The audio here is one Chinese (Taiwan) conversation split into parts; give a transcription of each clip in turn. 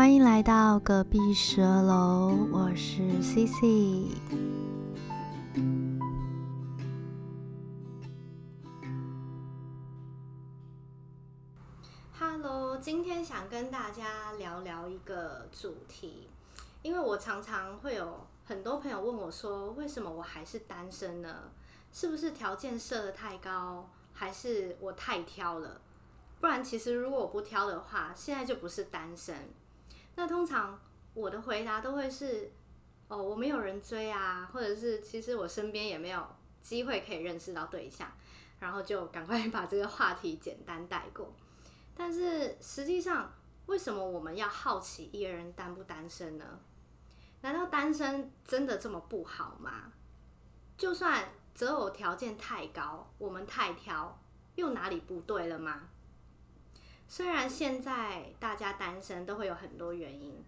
歡迎來到隔壁十二樓，我是 cici。哈囉，今天想跟大家聊聊一個主題，因為我常常會有很多朋友問我說，為什麼我還是單身呢？是不是條件設的太高，還是我太挑了？不然，其實如果我不挑的話，現在就不是單身。那通常我的回答都會是，哦，我沒有人追啊，或者是其實我身邊也沒有機會可以認識到對象，然後就趕快把這個話題簡單帶過。但是實際上，為什麼我們要好奇一個人單不單身呢？難道單身真的這麼不好嗎？就算擇偶條件太高，我們太挑，又哪裡不對了嗎？雖然現在大家單身都會有很多原因，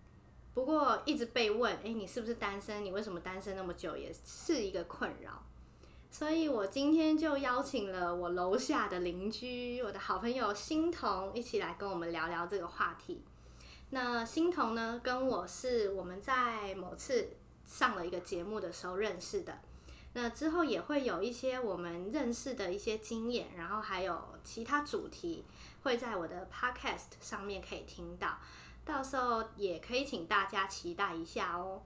不過一直被問，誒、欸，你是不是單身？你為什麼單身那麼久？也是一個困擾。所以我今天就邀請了我樓下的鄰居，我的好朋友忻彤一起來跟我們聊聊這個話題。那忻彤呢，跟我是我們在某次上了一個節目的時候認識的。那之後也會有一些我們認識的一些經驗，然後還有其他主題會在我的 podcast 上面可以聽到，到時候也可以請大家期待一下哦。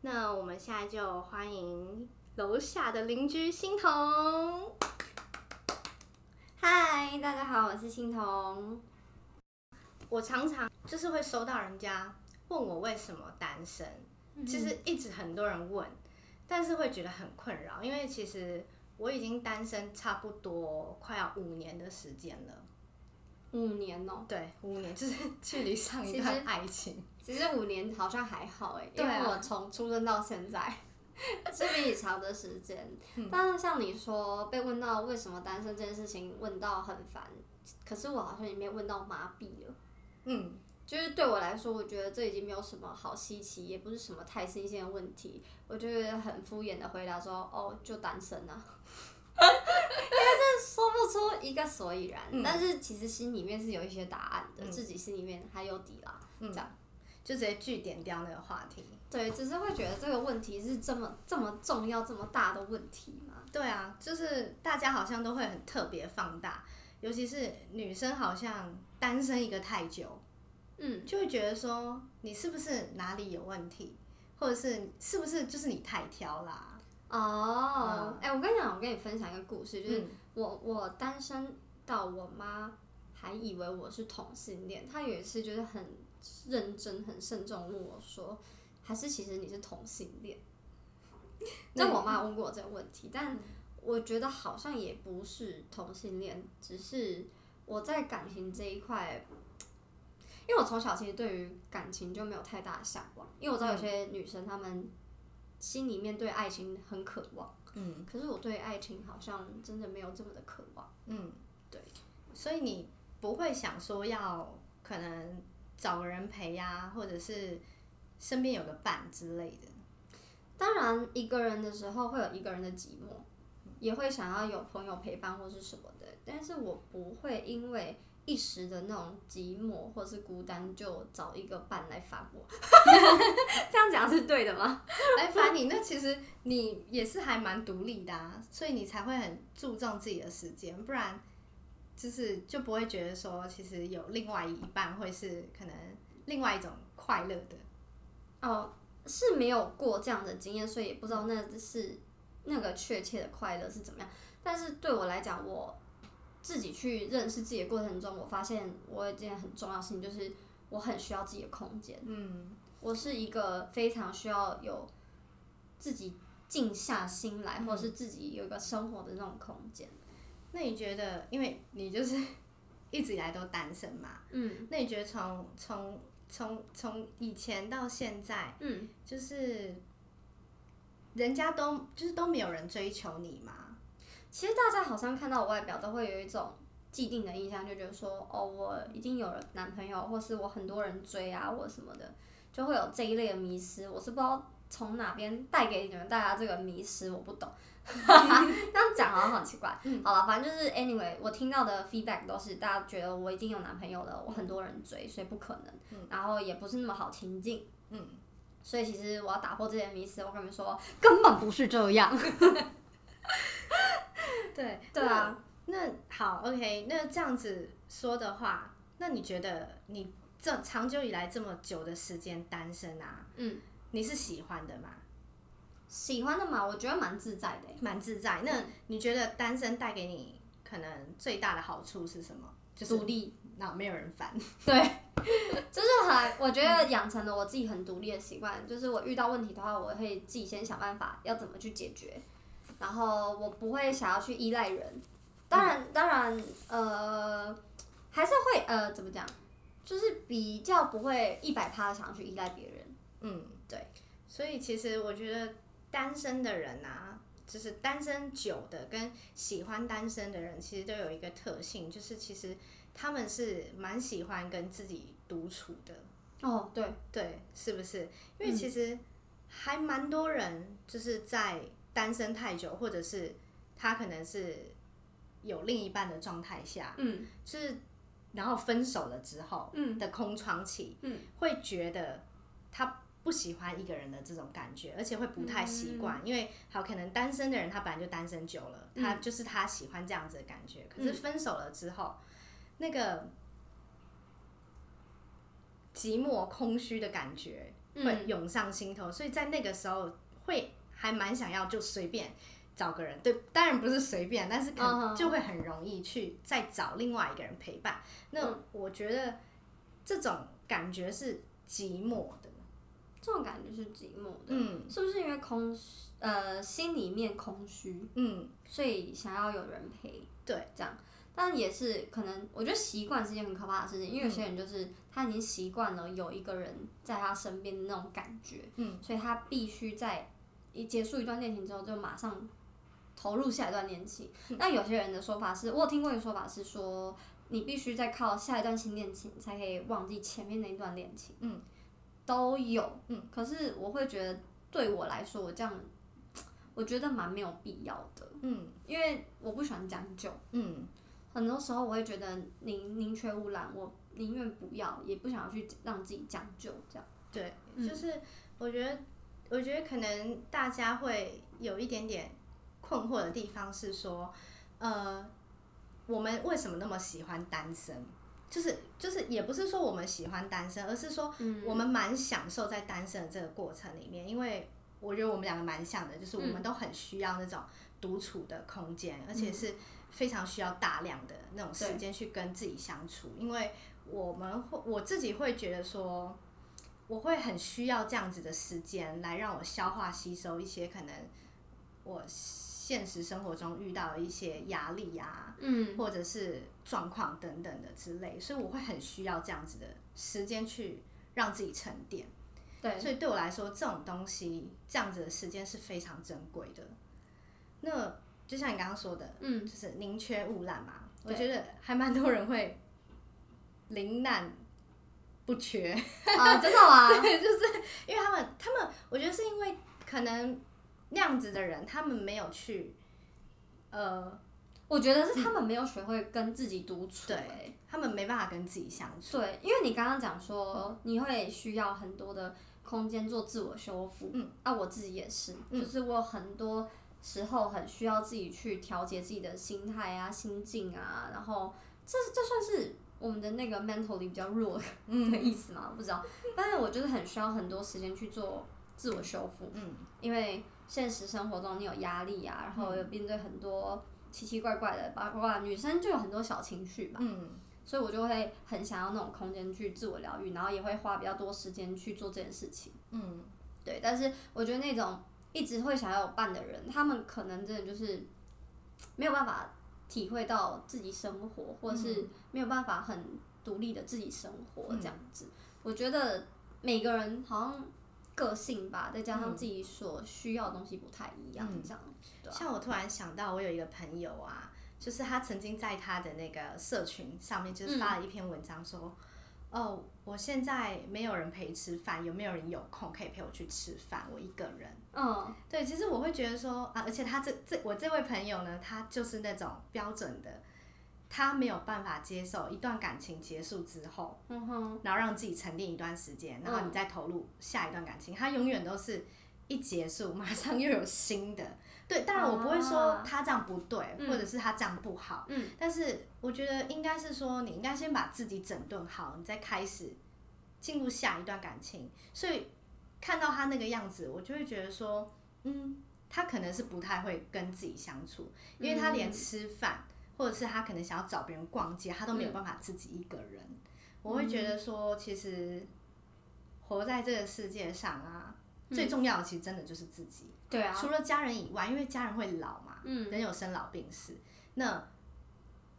那我們現在就歡迎樓下的鄰居忻彤。嗨，大家好，我是忻彤。我常常就是會收到人家問我為什麼單身，其實一直很多人問，但是會覺得很困擾，因為其實我已經單身差不多快要五年的時間了。五年哦、喔，對，五年就是距離上一段愛情其。其實五年好像還好哎、欸，對啊、因為我從出生到現在 是比你長的時間。嗯、但是像你說被問到為什麼單身這件事情，問到很煩。可是我好像也沒問到麻痹了。嗯，就是對我來說，我覺得這已經沒有什麼好稀奇，也不是什麼太新鮮的問題。我覺得很敷衍的回答說：“哦，就單身啊。” 說不出一個所以然，嗯、但是其實心裡面是有一些答案的，嗯、自己心裡面還有底啦。嗯、這樣就直接句點掉那個話題。對，只是會覺得這個問題是這麼這麼重要、這麼大的問題嗎？對啊，就是大家好像都會很特別放大，尤其是女生，好像單身一個太久，嗯，就會覺得說你是不是哪裡有問題，或者是是不是就是你太挑啦、啊？哦，哎、嗯欸，我跟你講，我跟你分享一個故事，就是。我我單身到我媽還以為我是同性戀，她有一次就是很認真、很慎重問我說，還是其實你是同性戀？那我媽問過我這個問題，但我覺得好像也不是同性戀，只是我在感情這一塊，因為我從小其實對於感情就沒有太大的向往，因為我知道有些女生她們。心裡面對愛情很渴望，嗯，可是我對愛情好像真的沒有這麼的渴望，嗯，對，所以你不會想說要可能找個人陪呀、啊，或者是身邊有個伴之類的。當然，一個人的時候會有一個人的寂寞，也會想要有朋友陪伴或是什麼的，但是我不會因為。一時的那種寂寞或是孤單，就找一個伴來煩我、啊。 這樣講是對的嗎？來煩你，那其實你也是還蠻獨立的啊，所以你才會很注重自己的時間，不然就是就不會覺得說，其實有另外一半會是可能另外一種快樂的。哦，是沒有過這樣的經驗，所以也不知道那是那個確切的快樂是怎麼樣。但是對我來講，我，自己去認識自己的過程中，我發現我有件很重要的事情，就是我很需要自己的空間。嗯，我是一個非常需要有自己靜下心來，嗯、或者是自己有一個生活的那種空間。那你覺得，因為你就是一直以來都單身嘛？嗯，那你覺得從從從從以前到現在，嗯，就是人家都就是都沒有人追求你嘛。其實大家好像看到我外表，都會有一種既定的印象，就覺得說，哦，我已經有了男朋友，或是我很多人追啊，我什麼的，就會有這一類的迷思。我是不知道從哪邊帶給你們大家這個迷思，我不懂。那 這樣講好像很奇怪。嗯、好了，反正就是 anyway，我聽到的 feedback 都是大家覺得我已經有男朋友了，我很多人追，所以不可能。嗯。然後也不是那麼好親近。嗯。所以其實我要打破這些迷思，我跟你們說，根本不是這樣。 對，對啊，那好，OK，那這樣子說的話，那你覺得你這長久以來這麼久的時間單身啊，嗯，你是喜歡的嗎？喜歡的嗎？我覺得蠻自在的，蠻自在。那你覺得單身帶給你可能最大的好處是什麼？就是獨立，那沒有人煩， 對，就是很，我覺得養成了我自己很獨立的習慣，就是我遇到問題的話，我會自己先想辦法要怎麼去解決。然後我不會想要去依賴人，當然、嗯、當然，呃，還是會呃，怎麼講，就是比較不會一百趴的想要去依賴別人，嗯，對。所以其實我覺得單身的人啊，就是單身久的跟喜歡單身的人，其實都有一個特性，就是其實他們是蠻喜歡跟自己獨處的。哦，對對，對，是不是？因為其實還蠻多人就是在。單身太久，或者是他可能是有另一半的狀態下，嗯，是然後分手了之後，嗯的空窗期，嗯，嗯，會覺得他不喜歡一個人的這種感覺，而且會不太習慣，嗯、因為好，可能單身的人他本來就單身久了，嗯、他就是他喜歡這樣子的感覺，嗯、可是分手了之後，那個寂寞空虛的感覺會湧上心頭，嗯、所以在那個時候會。還蠻想要，就隨便找個人，對，當然不是隨便，但是可能就會很容易去再找另外一個人陪伴。Uh huh. 那我覺得這種感覺是寂寞的，這種感覺是寂寞的，嗯，是不是因為空虛？呃，心裡面空虛，嗯，所以想要有人陪，對，這樣。但也是可能，我覺得習慣是一件很可怕的事情，嗯，因為有些人就是他已經習慣了有一個人在他身邊的那種感覺，嗯，所以他必須在。一結束一段戀情之後，就馬上投入下一段戀情。嗯、那有些人的說法是，我有聽過一個說法是說，你必須再靠下一段新戀情才可以忘記前面那一段戀情。嗯，都有。嗯，可是我會覺得對我來說，我這樣我覺得蠻沒有必要的。嗯，因為我不喜歡將就。嗯，很多時候我會覺得寧寧缺毋濫，我寧願不要，也不想要去讓自己將就這樣。對，嗯、就是我覺得。我覺得可能大家會有一點點困惑的地方是說，呃，我們為什麼那麼喜歡單身？就是就是也不是說我們喜歡單身，而是說我們蠻享受在單身的這個過程裡面。嗯、因為我覺得我們兩個蠻像的，就是我們都很需要那種獨處的空間，嗯、而且是非常需要大量的那種時間去跟自己相處。對因為我們會我自己會覺得說。我會很需要這樣子的時間，來讓我消化吸收一些可能我現實生活中遇到的一些壓力呀、啊、嗯，或者是狀況等等的之類，所以我會很需要這樣子的時間去讓自己沉澱。對，所以對我來說，這種東西這樣子的時間是非常珍貴的。那就像你剛剛說的，嗯，就是寧缺毋濫嘛，對我覺得還蠻多人會寧濫。不缺啊，真的嗎？ 就是因為他們，他們我覺得是因為可能那樣子的人，他們沒有去，呃，我覺得是他們沒有學會跟自己獨處，嗯、對，他們沒辦法跟自己相處，對，因為你剛剛講說、嗯、你會需要很多的空間做自我修復，嗯，啊，我自己也是，嗯、就是我很多時候很需要自己去調節自己的心態啊、心境啊，然後這這算是。我們的那個 mentally 比較弱的意思嗎？我、嗯、不知道，但是我覺得很需要很多時間去做自我修復，嗯，因為現實生活中你有壓力啊，然後又面對很多奇奇怪怪的、八卦、嗯，女生就有很多小情緒嘛，嗯，所以我就會很想要那種空間去自我療愈，然後也會花比較多時間去做這件事情，嗯，對，但是我覺得那種一直會想要伴的人，他們可能真的就是沒有辦法。體會到自己生活，或是沒有辦法很獨立的自己生活這樣子，嗯、我覺得每個人好像個性吧，再加上自己所需要的東西不太一樣這樣。啊、像我突然想到，我有一個朋友啊，就是他曾經在他的那個社群上面，就是發了一篇文章說。嗯哦，oh, 我現在沒有人陪吃飯，有沒有人有空可以陪我去吃飯？我一個人。嗯，oh. 對，其實我會覺得說啊，而且他這這我這位朋友呢，他就是那種標準的，他沒有辦法接受一段感情結束之後，oh. 然後讓自己沉澱一段時間，然後你再投入下一段感情，oh. 他永遠都是一結束馬上又有新的。對，當然我不會說他這樣不對，啊、或者是他這樣不好，嗯嗯、但是我覺得應該是說，你應該先把自己整頓好，你再開始進入下一段感情。所以看到他那個樣子，我就會覺得說，嗯，他可能是不太會跟自己相處，因為他連吃飯，嗯、或者是他可能想要找別人逛街，他都沒有辦法自己一個人。嗯、我會覺得說，其實活在這個世界上啊，嗯、最重要的其實真的就是自己。對啊，除了家人以外，因為家人會老嘛，嗯，人有生老病死。嗯、那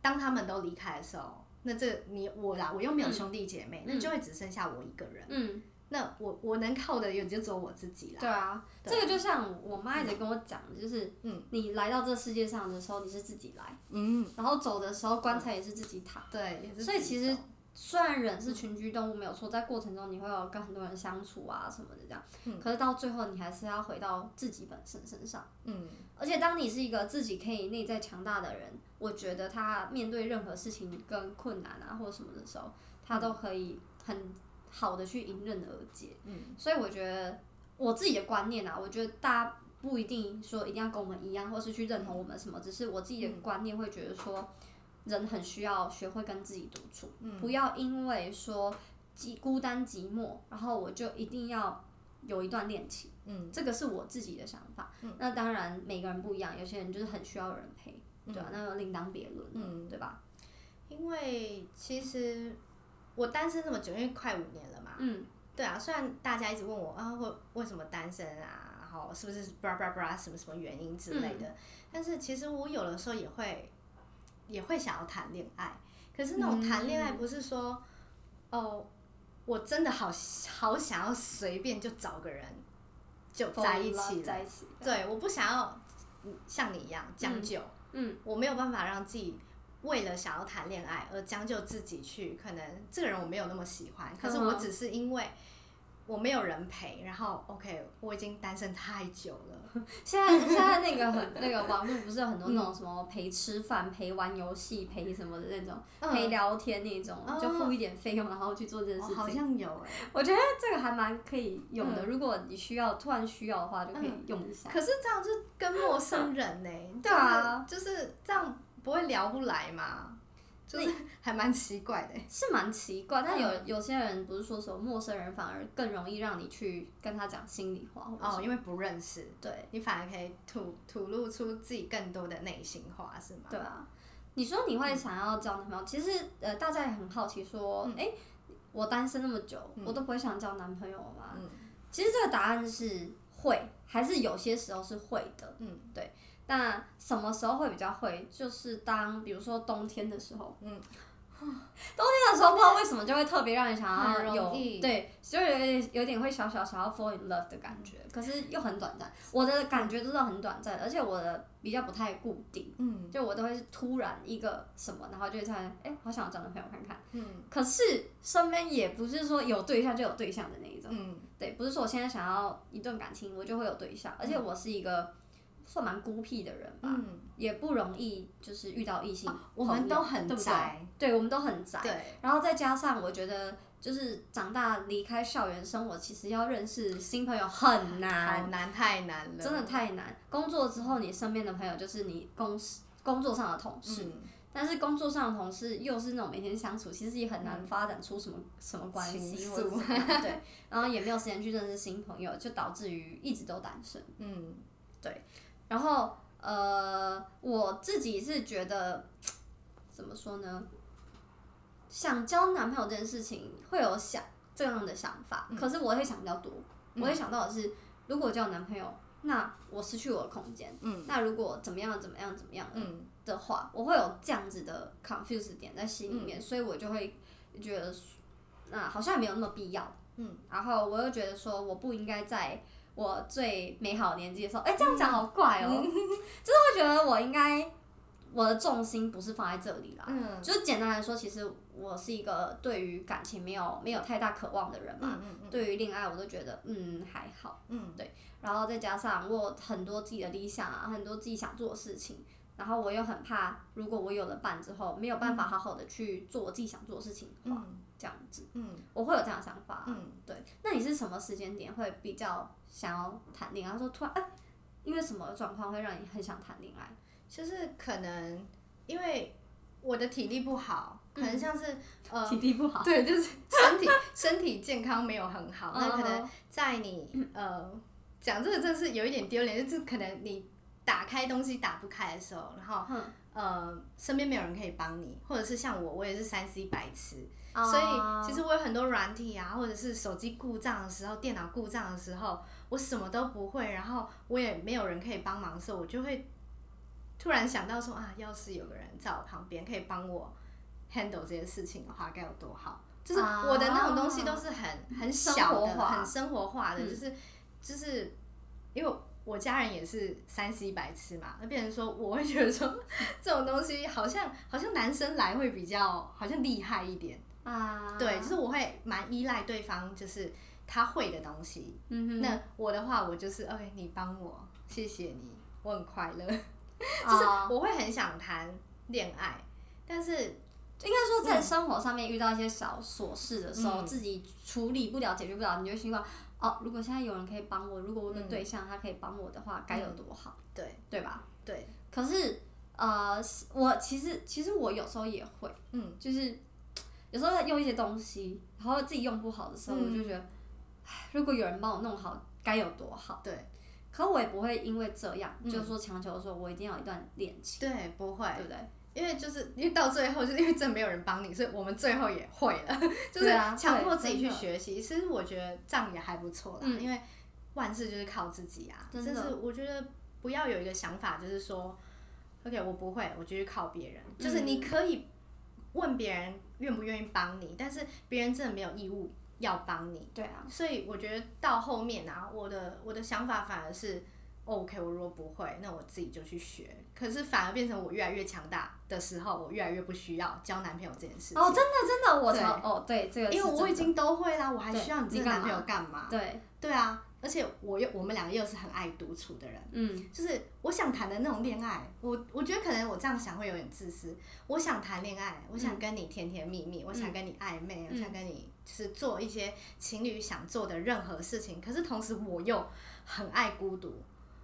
當他們都離開的時候，那這你我啦，我又沒有兄弟姐妹，嗯、那就會只剩下我一個人。嗯，那我我能靠的也就只有我自己了。對啊，對這個就像我媽一直跟我講，嗯、就是嗯，你來到這世界上的時候你是自己來，嗯，然後走的時候棺材也是自己躺，對，對所以其實。雖然人是群居動物沒有錯，在過程中你會有跟很多人相處啊什麼的這樣，嗯，可是到最後你還是要回到自己本身身上。嗯，而且當你是一個自己可以內在強大的人，我覺得他面對任何事情跟困難啊或者什麼的時候，他都可以很好的去迎刃而解。嗯，所以我覺得我自己的觀念啊，我覺得大家不一定說一定要跟我們一樣，或是去認同我們什麼，只是我自己的觀念會覺得說。人很需要學會跟自己獨處，嗯、不要因為說寂孤單寂寞，然後我就一定要有一段戀情。嗯，這個是我自己的想法。嗯、那當然每個人不一樣，有些人就是很需要有人陪，對吧？那另當別論，嗯，對吧？因為其實我單身這麼久，因為快五年了嘛。嗯，對啊，雖然大家一直問我啊，為為什麼單身啊，然後是不是巴拉巴拉什麼什麼原因之類的，嗯、但是其實我有的時候也會。也會想要談戀愛，可是那種談戀愛不是說，mm hmm. 哦，我真的好好想要隨便就找個人就在一起了，oh, love, 在一起。對，我不想要像你一樣將就，嗯、mm，hmm. 我沒有辦法讓自己為了想要談戀愛而將就自己去。可能這個人我沒有那麼喜歡，可是我只是因為。我沒有人陪，然後 OK，我已經單身太久了。現在現在那個很 那個網絡不是有很多那種什麼陪吃飯、嗯、陪玩遊戲、陪什麼的那種，嗯、陪聊天那種，嗯、就付一點費用然後去做這件事情。哦、好像有哎、欸，我覺得這個還蠻可以用的。嗯、如果你需要突然需要的話，就可以用一下。嗯、可是這樣就跟陌生人呢、欸？ 對啊，對啊就是這樣，不會聊不來嘛？你就是還蠻奇怪的，是蠻奇怪，但有有些人不是說什麼陌生人反而更容易讓你去跟他講心裡話，哦，因為不認識，對，你反而可以吐吐露出自己更多的內心話，是嗎？對啊，你說你會想要交男朋友，嗯、其實呃，大家也很好奇說，誒、嗯欸，我單身那麼久，嗯、我都不會想交男朋友了嗎？嗯、其實這個答案是會，還是有些時候是會的，嗯，對。那什麼時候會比較會？就是當比如說冬天的時候，嗯，冬天的時候不知道為什麼就會特別讓人想要有，對，就有點有點會小小想要 fall in love 的感覺，可是又很短暫。我的感覺都是很短暫，而且我的比較不太固定，嗯，就我都會是突然一個什麼，然後就會突然哎，好想找男朋友看看，嗯，可是身邊也不是說有對象就有對象的那一種，嗯，對，不是說我現在想要一段感情我就會有對象，而且我是一個。嗯算蠻孤僻的人吧，也不容易，就是遇到異性。我們都很宅，對我們都很宅。對，然後再加上，我覺得就是長大離開校園生活，其實要認識新朋友很難，好難，太難了，真的太難。工作之後，你身邊的朋友就是你公司工作上的同事，但是工作上的同事又是那種每天相處，其實也很難發展出什麼什麼關係，對，然後也沒有時間去認識新朋友，就導致於一直都單身。嗯，對。然後，呃，我自己是覺得，怎麼說呢？想交男朋友這件事情會有想這樣的想法，嗯、可是我會想比較多，嗯、我會想到的是，如果我交男朋友，那我失去我的空間，嗯，那如果怎麼樣怎麼樣怎麼樣，嗯的話，嗯、我會有這樣子的 confuse 點在心裡面，嗯、所以我就會覺得，那、啊、好像也沒有那麼必要，嗯，然後我又覺得說，我不應該再。我最美好的年紀的時候，哎、欸，這樣講好怪哦、喔，嗯、 就是會覺得我應該我的重心不是放在這裡啦，嗯，就是簡單來說，其實我是一個對於感情沒有沒有太大渴望的人嘛，嗯，嗯，對於戀愛我都覺得嗯還好，嗯，對，然後再加上我很多自己的理想啊，很多自己想做事情，然後我又很怕，如果我有了伴之後沒有辦法好好的去做我自己想做事情的話，嗯、這樣子，嗯，我會有這樣的想法，嗯，對，那你是什麼時間點會比較？想要談戀愛，他說突然、啊，因為什麼狀況會讓你很想談戀愛？就是可能因為我的體力不好，嗯、可能像是呃、嗯、體力不好，對，就是身體 身體健康沒有很好，嗯、那可能在你、嗯、呃講這個真是有一點丟臉，就是可能你打開東西打不開的時候，然後。嗯呃，身邊沒有人可以幫你，或者是像我，我也是三 C 白癡，oh。所以其實我有很多軟體啊，或者是手機故障的時候、電腦故障的時候，我什麼都不會，然後我也沒有人可以幫忙的時候，我就會突然想到說啊，要是有個人在我旁邊可以幫我 handle 這些事情的話，該有多好！就是我的那種東西都是很、oh。很小的、生嗯、很生活化的，就是就是因為。我家人也是三 C 白痴嘛，那變成說我會覺得說，這種東西好像好像男生來會比較好像厲害一點啊，對，就是我會蠻依賴對方，就是他會的東西。嗯哼，那我的話，我就是，OK，你幫我，謝謝你，我很快樂。啊、 就是我會很想談戀愛，但是應該說在生活上面遇到一些小瑣事的時候，嗯嗯、自己處理不了，解決不了，你就會希望。哦，如果現在有人可以幫我，如果我的對象他可以幫我的話，該有多好、嗯、對、嗯、對吧？對。可是，呃，我其實其實我有時候也會，嗯，就是有時候在用一些東西，然後自己用不好的時候，我就覺得，嗯、如果有人幫我弄好，該有多好。對。可我也不會因為這樣、嗯、就是說強求說，我一定要有一段戀情。對，不會，對不對？因為就是，因為到最後，就是因為真的沒有人幫你，所以我們最後也會了，就是強迫自己去學習。啊、其實我覺得這樣也還不錯啦，嗯、因為萬事就是靠自己啊。真的，是我覺得不要有一個想法，就是說，OK，我不會，我就去靠別人。嗯、就是你可以問別人願不願意幫你，但是別人真的沒有義務要幫你。對啊，所以我覺得到後面啊，我的我的想法反而是。OK，我如果不會，那我自己就去學。可是反而變成我越來越強大的時候，我越來越不需要交男朋友這件事情。哦，oh, 真的真的，我對哦對，這個因為、哎、呦我已經都會啦，我還需要你這個男朋友幹嘛？對對，對啊，而且我又我們兩個又是很愛獨處的人，嗯，就是我想談的那種戀愛。我我覺得可能我這樣想會有點自私。我想談戀愛，我想跟你甜甜蜜蜜，嗯、我想跟你曖昧，嗯、我想跟你就是做一些情侶想做的任何事情。嗯、可是同時我又很愛孤獨。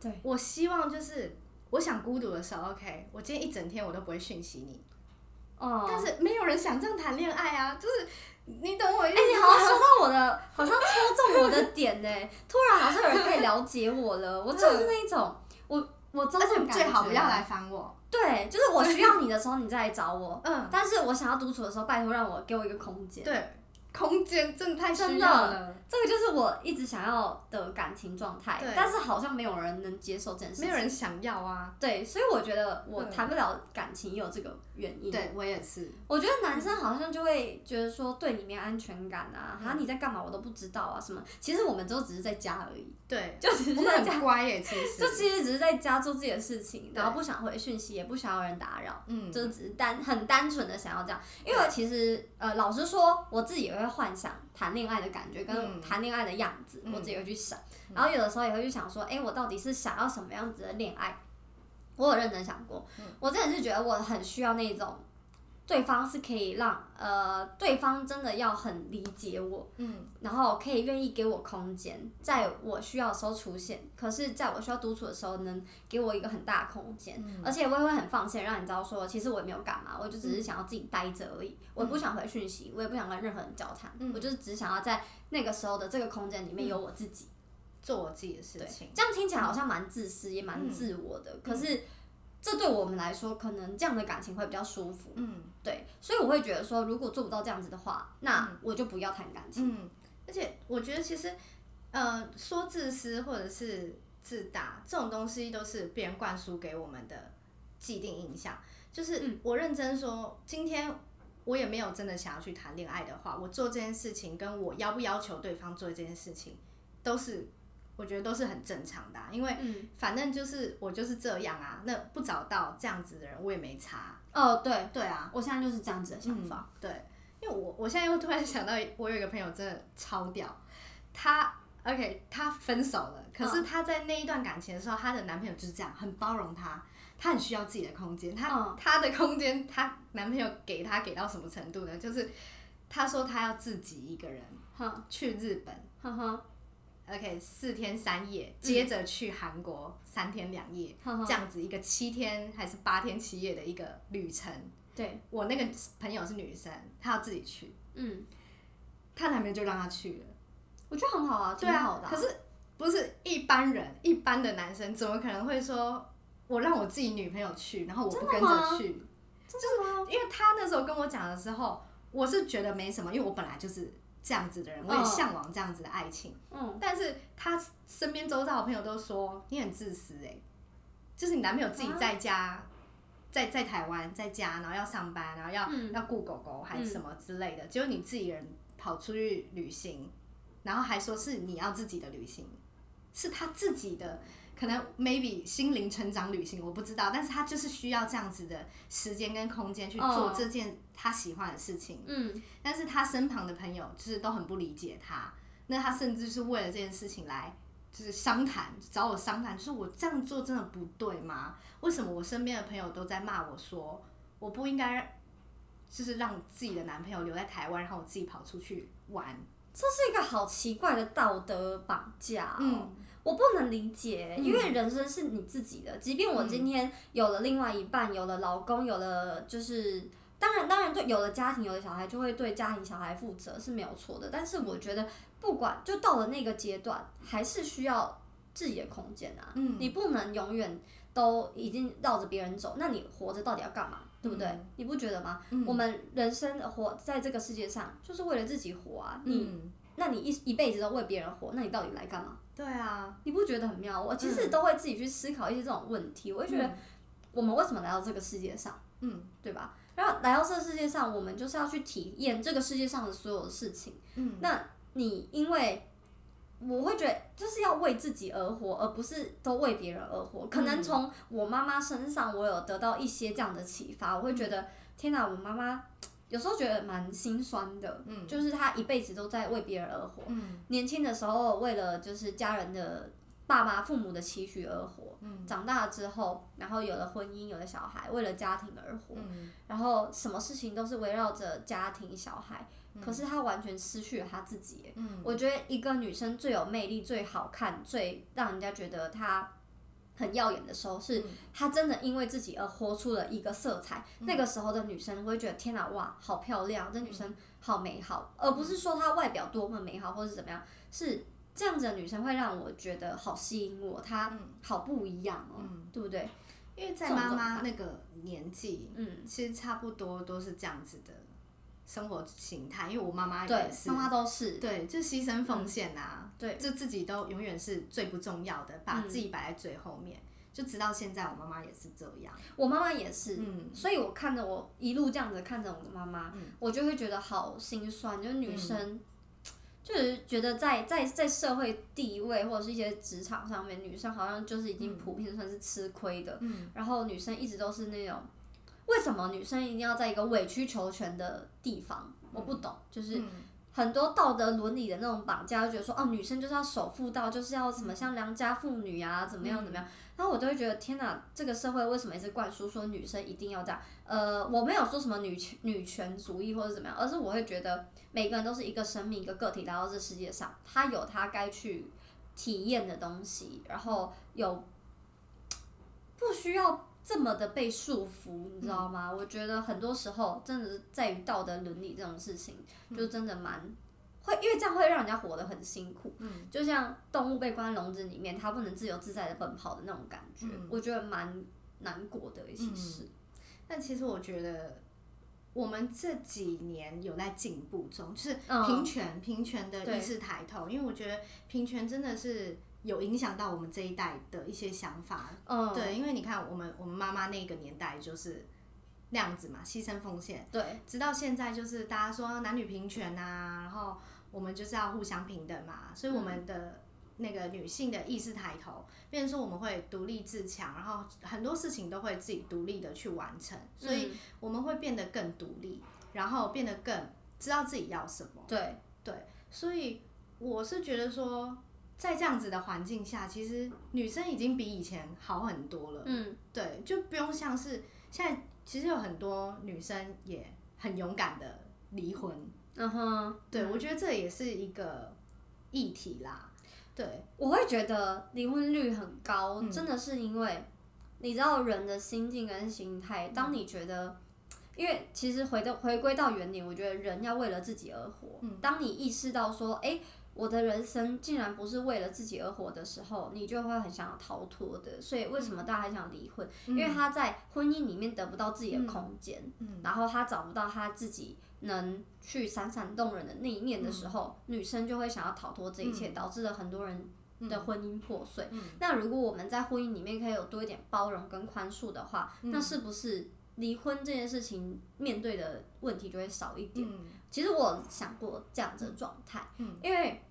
對我希望就是，我想孤獨的時候，OK，我今天一整天我都不會訊息你。哦，oh. 但是沒有人想這樣談戀愛啊！就是你懂我意思嗎？欸、你好像說到我的， 好像戳中我的點呢、欸。突然好像有人可以了解我了。 我就是那種， 我我真的而且最好不要來煩我。對，就是我需要你的時候你再來找我。 嗯，但是我想要獨處的時候，拜托讓我給我一個空間。對。空間真的太需要了，這個就是我一直想要的感情狀態，但是好像沒有人能接受這件事情。沒有人想要啊。對，所以我覺得我談不了感情也有這個原因。對，我也是。我覺得男生好像就會覺得說對，你沒安全感啊，啊你在幹嘛我都不知道啊什麼。其實我們都只是在家而已，對，就只是很乖耶，其實就其實只是在家做自己的事情，然後不想回訊息，也不想要人打擾，嗯，就只是單很單純的想要這樣。因為其實呃，老實說，我自己也。幻想談戀愛的感覺跟談戀愛的樣子，嗯、我自己會去想。嗯、然後有的時候也會去想說，誒、欸，我到底是想要什麼樣子的戀愛？我有認真想過，嗯、我真的是覺得我很需要那種。對方是可以讓呃，對方真的要很理解我，嗯，然後可以願意給我空間，在我需要的時候出現，可是在我需要獨處的時候，能給我一個很大的空間，嗯、而且我也會很放心讓你知道說，其實我也沒有幹嘛，我就只是想要自己待着而已，嗯、我也不想回訊息，我也不想跟任何人交談，嗯、我就是只想要在那個時候的這個空間裡面有我自己，做我自己的事情。這樣聽起來好像蠻自私，嗯、也蠻自我的，嗯、可是。這對我們來說，可能這樣的感情會比較舒服。嗯，對，所以我會覺得說，如果做不到這樣子的話，嗯、那我就不要談感情。嗯，而且我覺得其實，呃，說自私或者是自大這種東西，都是別人灌輸給我們的既定印象。就是我認真說，嗯、今天我也沒有真的想要去談戀愛的話，我做這件事情，跟我要不要求對方做這件事情，都是。我覺得都是很正常的，啊，因為反正就是，嗯、我就是這樣啊。那不找到這樣子的人，我也沒差。哦、呃，對對啊，我現在就是這樣子的想法。嗯、對，因為我我現在又突然想到，我有一個朋友真的超屌。他 OK，他分手了，可是他在那一段感情的時候，她的男朋友就是這樣，很包容她。她很需要自己的空間，她她、嗯、的空間，她男朋友給她給到什麼程度呢？就是她說她要自己一個人去日本，OK，四天三夜，嗯、接着去韓國三天兩夜，嗯、這樣子一個七天還是八天七夜的一個旅程。對，我那個朋友是女生，她要自己去，嗯，她男朋友就讓她去了，我覺得很好啊，最好的、啊，對啊。可是不是一般人，一般的男生怎麼可能會說，我讓我自己女朋友去，然後我不跟着去？就是因為他那時候跟我講的時候，我是覺得沒什麼，因為我本來就是。這樣子的人，我也嚮往這樣子的愛情。Oh, um. 但是他身邊周遭的朋友都說你很自私哎、欸，就是你男朋友自己在家，oh. 在在台灣在家，然後要上班，然後要、嗯、要顧狗狗還是什麼之類的，只有、嗯、你自己人跑出去旅行，然後還說是你要自己的旅行，是他自己的。可能 maybe 心靈成長旅行，我不知道，但是他就是需要這樣子的時間跟空間去做這件他喜歡的事情。哦、嗯，但是他身旁的朋友就是都很不理解他，那他甚至是為了這件事情來就是商談，找我商談，就是我這樣做真的不對嗎？為什麼我身邊的朋友都在罵我說我不應該就是讓自己的男朋友留在台灣，然後我自己跑出去玩？這是一個好奇怪的道德綁架。嗯。我不能理解，因為人生是你自己的。即便我今天有了另外一半，嗯、有了老公，有了就是，當然當然就有了家庭，有了小孩，就會對家庭小孩負責是沒有錯的。但是我覺得，不管就到了那個階段，還是需要自己的空間啊。嗯，你不能永遠都已經繞着別人走，那你活着到底要幹嘛？對不對？嗯、你不覺得嗎？嗯、我們人生活在這個世界上，就是為了自己活啊。你，嗯、那你一一輩子都為別人活，那你到底來幹嘛？對啊，你不覺得很妙？我其實都會自己去思考一些這種問題。嗯、我會覺得，我們為什麼來到這個世界上？嗯，對吧？然後來到這個世界上，我們就是要去體驗這個世界上的所有事情。嗯，那你因為我會覺得，就是要為自己而活，而不是都為別人而活。可能從我媽媽身上，我有得到一些這樣的啟發。我會覺得，嗯、天哪，我媽媽。有時候覺得蠻心酸的，嗯、就是他一輩子都在為別人而活，嗯、年輕的時候為了就是家人的爸爸、父母的期許而活，嗯、長大了之後，然後有了婚姻、有了小孩，為了家庭而活，嗯、然後什麼事情都是圍繞着家庭、小孩，嗯、可是他完全失去了他自己，嗯、我覺得一個女生最有魅力、最好看、最讓人家覺得她很耀眼的時候，是她真的因為自己而活出了一個色彩。嗯、那個時候的女生，會覺得天哪、啊，哇，好漂亮！這女生好美好，嗯、而不是說她外表多麼美好或是怎麼樣，是這樣子的女生會讓我覺得好吸引我，她好不一樣，哦，嗯、對不對？嗯、因為在媽媽那個年紀，嗯，其實差不多都是這樣子的。生活形態，因為我媽媽也是，媽媽都是，對，就犧牲奉獻啊、嗯，對，就自己都永遠是最不重要的，把自己擺在最後面，嗯、就直到現在，我媽媽也是這樣，我媽媽也是，嗯，所以我看着我一路這樣子看着我的媽媽，嗯、我就會覺得好心酸，就是、女生，嗯、就是覺得在在在社會地位或者是一些職場上面，女生好像就是已經普遍算是吃虧的，嗯、然後女生一直都是那種。為什麼女生一定要在一個委曲求全的地方？嗯、我不懂，就是很多道德倫理的那種綁架，就覺得說，哦、啊，女生就是要守婦道，就是要什麼像良家婦女啊，怎麼樣怎麼樣？嗯、然後我都會覺得，天哪、啊，這個社會為什麼一直灌輸說女生一定要這樣？呃，我沒有說什麼女女權主義或者怎麼樣，而是我會覺得，每個人都是一個生命，一個個體來到這世界上，他有他該去體驗的東西，然後有不需要。這麼的被束縛，你知道嗎？嗯、我覺得很多時候，真的是在於道德倫理這種事情，嗯、就真的蠻會，因為這樣會讓人家活得很辛苦。嗯，就像動物被關籠子裡面，它不能自由自在的奔跑的那種感覺，嗯、我覺得蠻難過的一些事，嗯。但其實我覺得我們這幾年有在進步中，嗯、就是平權，平權的意識抬頭。對因為我覺得平權真的是，有影響到我們這一代的一些想法，嗯，對，因為你看我們我們媽媽那個年代就是那樣子嘛，犧牲奉獻，對，直到現在就是大家說男女平權啊，然後我們就是要互相平等嘛，所以我們的那個女性的意識抬頭，嗯，變成說我們會獨立自強，然後很多事情都會自己獨立的去完成，所以我們會變得更獨立，然後變得更知道自己要什麼，嗯，對對，所以我是覺得說。在這樣子的環境下，其實女生已經比以前好很多了。嗯，對，就不用像是現在，其實有很多女生也很勇敢的離婚。嗯哼，對，嗯、我覺得這也是一個議題啦。對，我會覺得離婚率很高，嗯、真的是因為你知道人的心境跟心態。嗯、當你覺得，因為其實回到回歸到原點，我覺得人要為了自己而活。嗯，當你意識到說，哎、欸。我的人生竟然不是為了自己而活的時候，你就會很想要逃脫的。所以為什麼大家還想離婚？嗯、因為他在婚姻裡面得不到自己的空間，嗯嗯、然後他找不到他自己能去閃閃動人的那一面的時候，嗯、女生就會想要逃脫這一切，嗯、導致了很多人的婚姻破碎。嗯嗯、那如果我們在婚姻裡面可以有多一點包容跟寬恕的話，嗯、那是不是離婚這件事情面對的問題就會少一點？嗯嗯其實我想過這樣的狀態，嗯，因為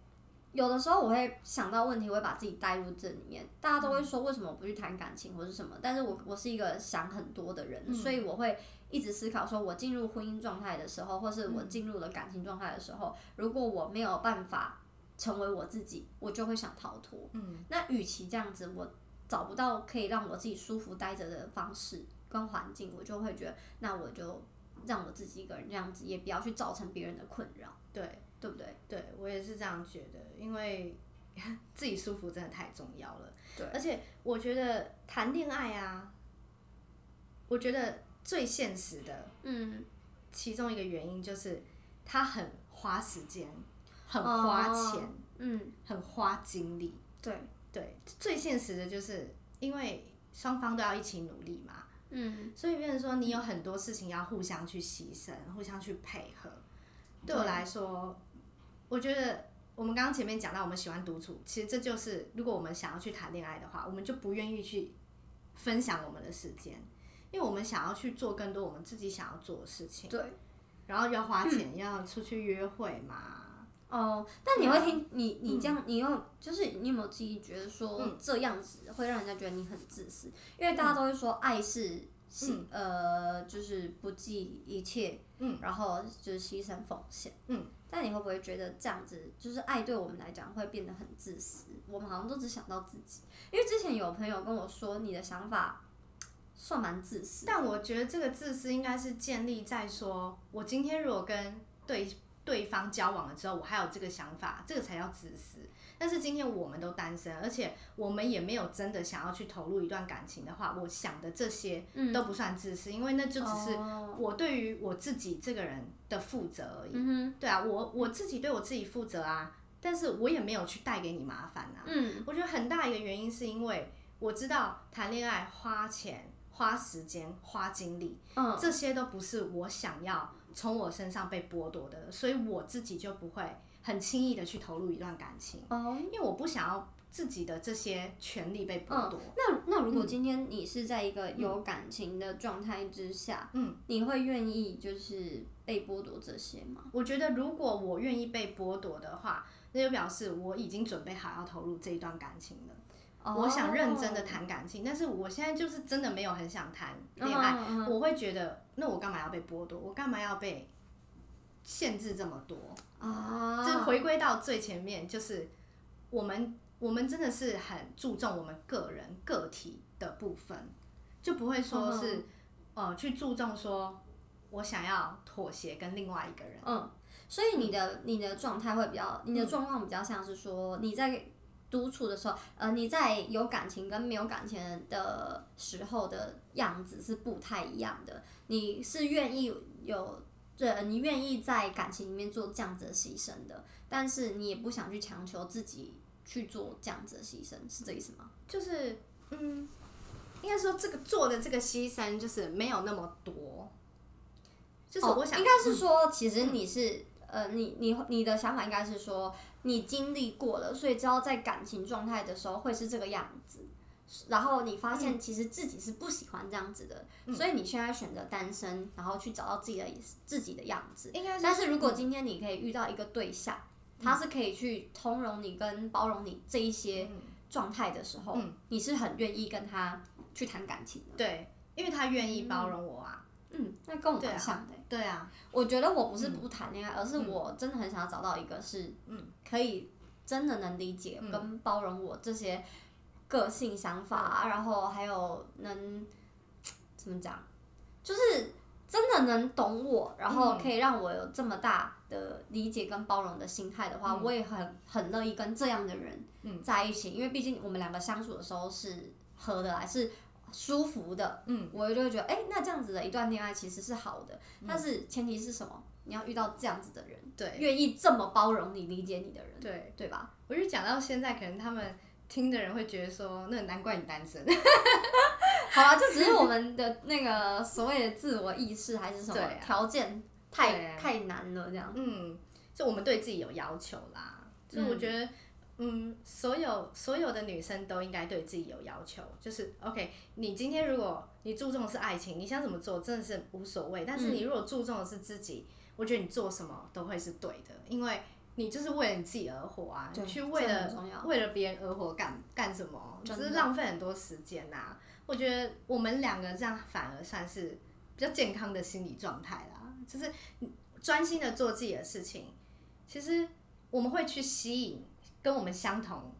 有的時候我會想到問題，我會把自己帶入這裡面。大家都會說為什麼我不去談感情或是什麼，嗯、但是我我是一個想很多的人，嗯、所以我會一直思考，說我進入婚姻狀態的時候，或是我進入了感情狀態的時候，嗯、如果我沒有辦法成為我自己，我就會想逃脫。嗯，那與其這樣子，我找不到可以讓我自己舒服待着的方式跟環境，我就會覺得，那我就。讓我自己一個人這樣子，也不要去造成別人的困擾，對，對不對？對，我也是這樣覺得，因為自己舒服真的太重要了。對，而且我覺得談戀愛啊，我覺得最現實的，嗯，其中一個原因就是他很花時間，很花錢，哦，嗯，很花精力。對對，最現實的就是因為雙方都要一起努力嘛。嗯，所以變成說，你有很多事情要互相去犧牲，互相去配合。對我來說，對我覺得我們剛剛前面講到，我們喜歡獨處，其實這就是，如果我們想要去談戀愛的話，我們就不願意去分享我們的時間，因為我們想要去做更多我們自己想要做的事情。對，然後要花錢，嗯、要出去約會嘛。哦，但你會聽 yeah, 你你這樣，嗯、你用就是你有沒有自己覺得說這樣子會讓人家覺得你很自私？因為大家都會說愛是、嗯、呃，就是不計一切，嗯，然後就是犧牲奉獻，嗯。但你會不會覺得這樣子就是愛對我們來講會變得很自私？我們好像都只想到自己。因為之前有朋友跟我說你的想法算蠻自私，但我覺得這個自私應該是建立在說我今天如果跟對。對方交往了之後，我還有這個想法，這個才叫自私。但是今天我們都單身，而且我們也沒有真的想要去投入一段感情的話，我想的這些都不算自私，嗯、因為那就只是我對於我自己這個人的負責而已。嗯、哼對啊，我我自己對我自己負責啊，但是我也沒有去帶給你麻煩吶、啊。嗯，我覺得很大一個原因是因為我知道談戀愛花錢、花時間、花精力，嗯、這些都不是我想要從我身上被剝奪的，所以我自己就不會很輕易的去投入一段感情。哦，oh, 因為我不想要自己的這些權利被剝奪。嗯，那那如果今天你是在一個有感情的狀態之下，嗯，你會願意就是被剝奪這些嗎？我覺得如果我願意被剝奪的話，那就表示我已經準備好要投入這一段感情了。Oh, 我想認真的談感情，但是我現在就是真的沒有很想談戀愛。Oh, oh, oh, oh. 我會覺得，那我幹嘛要被剝奪？我幹嘛要被限制這麼多？啊！Oh, oh, oh, oh. 就回歸到最前面，就是我們我們真的是很注重我們個人個體的部分，就不會說是 oh, oh. 呃，去注重說我想要妥協跟另外一個人。嗯，oh, oh. 所以你的你的狀態會比較，嗯、你的狀況比較像是說你在。獨處的時候，呃，你在有感情跟沒有感情的時候的樣子是不太一樣的。你是願意有，呃，你願意在感情裡面做這樣子的犧牲的，但是你也不想去強求自己去做這樣子的犧牲，是這意思嗎？就是，嗯，應該說這個做的這個犧牲就是沒有那麼多，就是我想，哦，應該是說，其實你是。嗯呃，你你你的想法應該是說，你經歷過了，所以知道在感情狀態的時候會是這個樣子，然後你發現其實自己是不喜歡這樣子的，嗯、所以你現在選擇單身，然後去找到自己的自己的樣子。就是、但是如果今天你可以遇到一個對象，嗯、他是可以去通融你跟包容你這一些狀態的時候，嗯嗯、你是很願意跟他去談感情的。對，因為他願意包容我啊。嗯，那、嗯啊、跟我蠻像的、欸。對啊，我覺得我不是不談戀愛，嗯、而是我真的很想要找到一個是可以真的能理解跟包容我這些個性想法，嗯、然後還有能怎麼講，就是真的能懂我，嗯、然後可以讓我有這麼大的理解跟包容的心態的話，嗯、我也很很樂意跟這樣的人在一起，嗯、因為畢竟我們兩個相處的時候是合得來，是。舒服的，嗯，我就會覺得，誒、欸，那這樣子的一段戀愛其實是好的，嗯、但是前提是什麼？你要遇到這樣子的人，對，願意這麼包容你、理解你的人，對，對吧？我就講到現在，可能他們聽的人會覺得說，那難怪你單身。 好啊，這只是我們的那個所謂的自我意識還是什麼條、啊、件太、啊、太難了這樣，嗯，就我們對自己有要求啦。就、嗯、我覺得。嗯，所有所有的女生都應該對自己有要求，就是 OK。你今天如果你注重的是愛情，你想怎麼做真的是無所謂。但是你如果注重的是自己，嗯、我覺得你做什麼都會是對的，因為你就是為了你自己而活啊。對去為了為了別人而活幹幹什麼？只的是浪費很多時間啊。我覺得我們兩個這樣反而算是比較健康的心理狀態啦，就是專心的做自己的事情。其實我們會去吸引。跟我們相同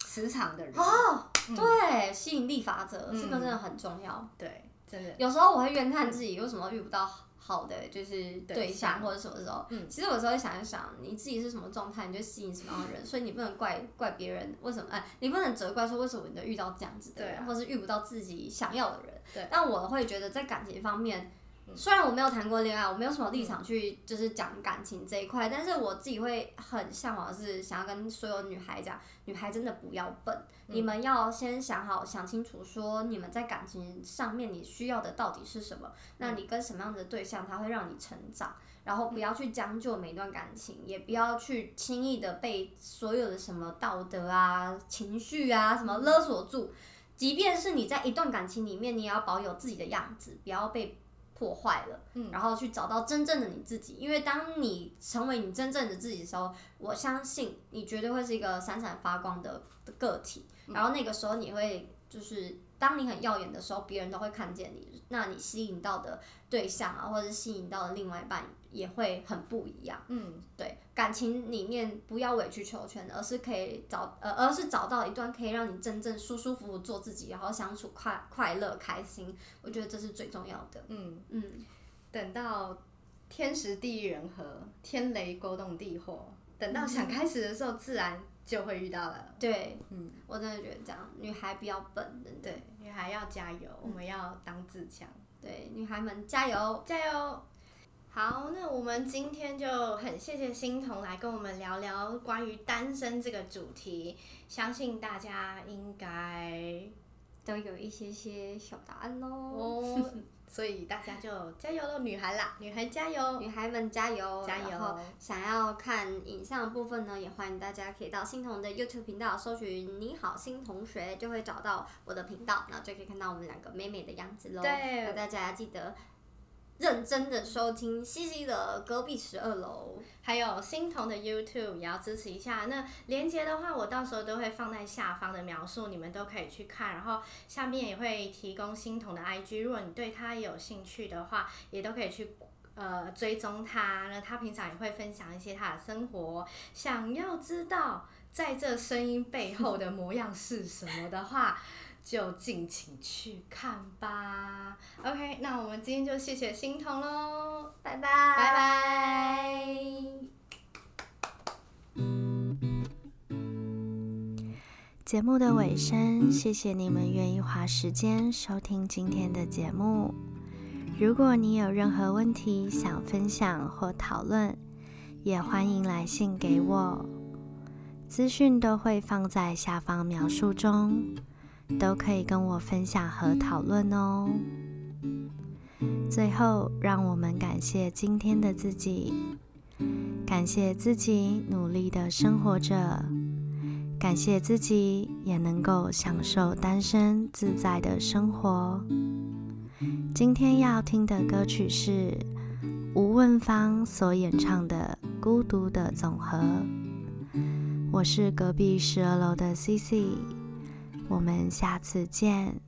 磁場的人啊，oh, 嗯、對，吸引力法則這個真的很重要。嗯、對，真的。有時候我會怨嘆自己為什麼遇不到好的，就是對象或者什麼時候。嗯、其實有時候會想一想，你自己是什麼狀態，你就吸引什麼樣的人。嗯、所以你不能怪怪別人為什麼哎、啊，你不能責怪說為什麼你都遇到這樣子的人，啊、或是遇不到自己想要的人。對，但我會覺得在感情方面。雖然我沒有談過戀愛，我沒有什麼立場去就是講感情這一塊，嗯、但是我自己會很向往的，是想要跟所有女孩講，女孩真的不要笨，嗯、你們要先想好、想清楚，說你們在感情上面你需要的到底是什麼，嗯、那你跟什麼樣的對象他會讓你成長，然後不要去將就每一段感情，嗯、也不要去輕易的被所有的什麼道德啊、情緒啊什麼勒索住，即便是你在一段感情裡面，你也要保有自己的樣子，不要被。破壞了，然後去找到真正的你自己。因為當你成為你真正的自己的時候，我相信你絕對會是一個閃閃發光的個體。然後那個時候，你會就是當你很耀眼的時候，別人都會看見你。那你吸引到的對象啊，或者吸引到的另外一半。也會很不一樣，嗯，對，感情裡面不要委曲求全，而是可以找，呃，而是找到一段可以讓你真正舒舒服服做自己，然後相處快快樂開心，我覺得這是最重要的，嗯嗯，嗯，等到天時地利人和，天雷勾動地火，等到想開始的時候，嗯、自然就會遇到了，對，嗯，我真的覺得這樣，女孩比較笨，對，對，女孩要加油，嗯、我們要當自強，對，女孩們加油，加油。好，那我們今天就很謝謝忻彤來跟我們聊聊關於單身這個主題，相信大家應該都有一些些小答案嘍，哦，所以大家就加油嘍，女孩啦，女孩加油，女孩們加油，加油！然後想要看影像的部分呢，油也歡迎大家可以到忻彤的 YouTube 頻道，搜尋“你好，新同學”，就會找到我的頻道，然後就可以看到我們兩個美美的樣子嘍。對，那大家記得。認真的收聽 cici 的隔壁十二樓，還有忻彤的 YouTube 也要支持一下。那連結的話，我到時候都會放在下方的描述，你們都可以去看。然後下面也會提供忻彤的 IG，如果你對他有興趣的話，也都可以去呃追蹤他。那他平常也會分享一些他的生活。想要知道在這聲音背後的模樣是什麼的話。 就盡情去看吧。OK，那我們今天就謝謝忻彤嘍，拜拜，拜拜 Bye bye。節目的尾聲，謝謝你們願意花時間收聽今天的節目。如果你有任何問題想分享或討論，也歡迎來信給我，資訊都會放在下方描述中。都可以跟我分享和討論哦。最後，讓我們感謝今天的自己，感謝自己努力的生活着，感謝自己也能夠享受單身自在的生活。今天要聽的歌曲是吳汶芳所演唱的《孤獨的總和》。我是隔壁十二樓的 Cici。我們下次見。